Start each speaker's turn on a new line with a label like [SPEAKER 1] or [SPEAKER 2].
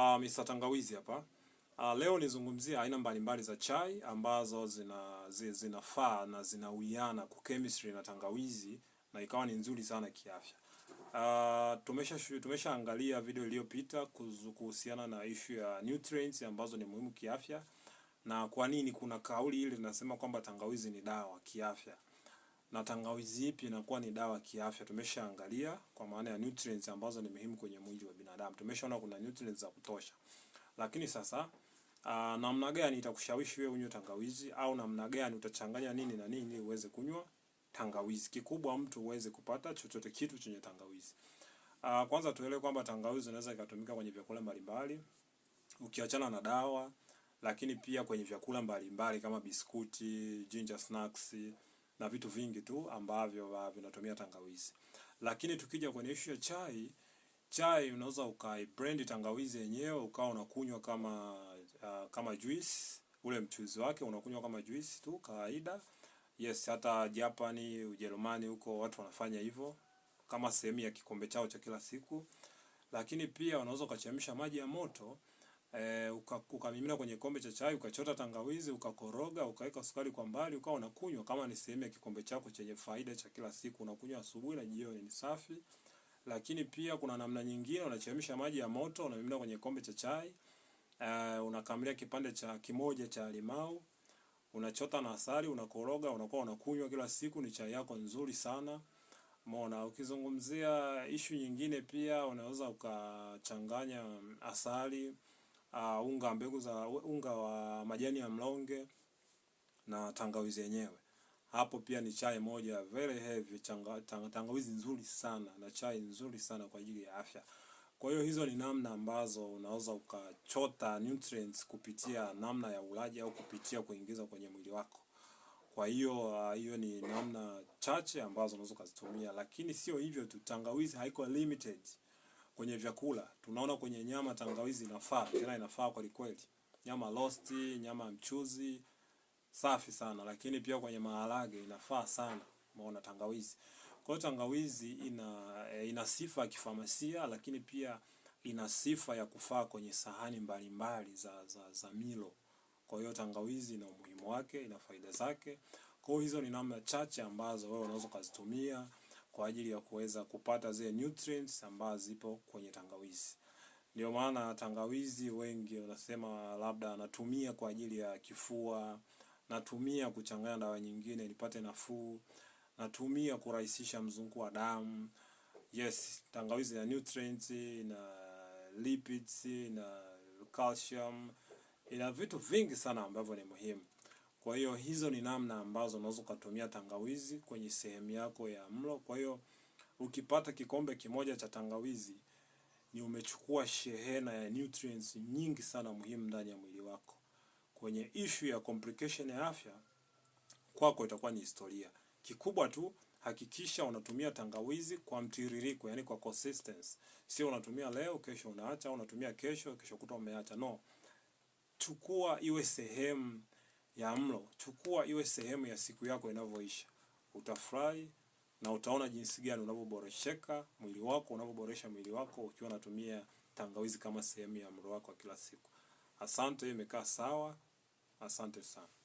[SPEAKER 1] Uh, ah, Mr. Tangawizi hapa. Uh, leo nizungumzia aina mbalimbali za chai ambazo zina zinafaa zina na zinawiana ku chemistry na tangawizi na ikawa ni nzuri sana kiafya. Uh, tumesha tumeshaangalia video iliyopita kuhusiana na issue ya nutrients ambazo ni muhimu kiafya na kwa nini kuna kauli ile inasema kwamba tangawizi ni dawa kiafya. Na tangawizi ipi inakuwa ni dawa kiafya? Tumeshaangalia kwa maana ya nutrients ambazo ni muhimu kwenye mwili wa binadamu. Tumeshaona kuna nutrients za kutosha. Lakini sasa uh, namna gani itakushawishi wewe unywe tangawizi au namna gani utachanganya nini na nini uweze kunywa tangawizi? Kikubwa mtu uweze kupata chochote kitu chenye tangawizi. Uh, kwanza tuelewe kwamba tangawizi inaweza ikatumika kwenye vyakula mbalimbali ukiachana na dawa, lakini pia kwenye vyakula mbalimbali kama biskuti, ginger snacks na vitu vingi tu ambavyo ah, vinatumia tangawizi. Lakini tukija kwenye ishu ya chai Chai unaweza ukaiblend tangawizi yenyewe ukawa unakunywa kama uh, kama juice, ule mchuzi wake unakunywa kama juice tu kawaida. Yes, hata Japani, Ujerumani huko watu wanafanya hivyo kama sehemu ya kikombe chao cha kila siku. Lakini pia unaweza ukachemsha maji ya moto e, ukamimina uka kwenye kikombe cha chai, ukachota tangawizi, ukakoroga, ukaweka sukari kwa mbali, ukawa unakunywa kama ni sehemu ya kikombe chako chenye faida cha kila siku. Unakunywa asubuhi na jioni, ni safi. Lakini pia kuna namna nyingine, unachemsha maji ya moto, unamimina kwenye kombe cha chai uh, eh, unakamilia kipande cha kimoja cha limau, unachota na asali, unakoroga, unakuwa unakunywa kila siku. Ni chai yako nzuri sana. mona ukizungumzia ishu nyingine pia unaweza ukachanganya asali uh, unga mbegu za unga wa majani ya mlonge na tangawizi yenyewe. Hapo pia ni chai moja very heavy, changa, tanga, tangawizi nzuri sana na chai nzuri sana kwa ajili ya afya. Kwa hiyo hizo ni namna ambazo unaweza ukachota nutrients kupitia namna ya ulaji au kupitia kuingiza kwenye mwili wako. Kwa hiyo ah, hiyo uh, ni namna chache ambazo unaweza ukazitumia, lakini sio hivyo tu, tangawizi haiko limited kwenye vyakula. Tunaona kwenye nyama tangawizi inafaa, tena inafaa kwa kweli, nyama losti, nyama mchuzi safi sana, lakini pia kwenye maharage inafaa sana. maona tangawizi. Kwa hiyo tangawizi ina e, ina sifa ya kifamasia, lakini pia ina sifa ya kufaa kwenye sahani mbalimbali za, za za milo. Kwa hiyo tangawizi ina umuhimu wake, ina faida zake. Kwa hiyo hizo ni namna chache ambazo wewe unaweza ukazitumia kwa ajili ya kuweza kupata zile nutrients ambazo zipo kwenye tangawizi. Ndio maana tangawizi wengi wanasema labda anatumia kwa ajili ya kifua natumia kuchanganya dawa nyingine nipate nafuu, natumia kurahisisha mzunguko wa damu. Yes, tangawizi na nutrients, na lipids, ina calcium, ina vitu vingi sana ambavyo ni muhimu. Kwa hiyo hizo ni namna ambazo unaweza ukatumia tangawizi kwenye sehemu yako ya mlo. Kwa hiyo ukipata kikombe kimoja cha tangawizi ni umechukua shehena ya nutrients nyingi sana muhimu ndani ya mwili wako kwenye ishu ya complication ya afya kwako itakuwa ni historia. Kikubwa tu hakikisha unatumia tangawizi kwa mtiririko, yani kwa consistency, sio unatumia leo kesho unaacha, au unatumia kesho kesho kuta umeacha. No, chukua iwe sehemu ya mlo, chukua iwe sehemu ya siku yako inavyoisha. Utafurahi na utaona jinsi gani unavyoboresheka mwili wako, unavyoboresha mwili wako ukiwa unatumia tangawizi kama sehemu ya mlo wako wa kila siku. Asante, imekaa sawa. Asante sana.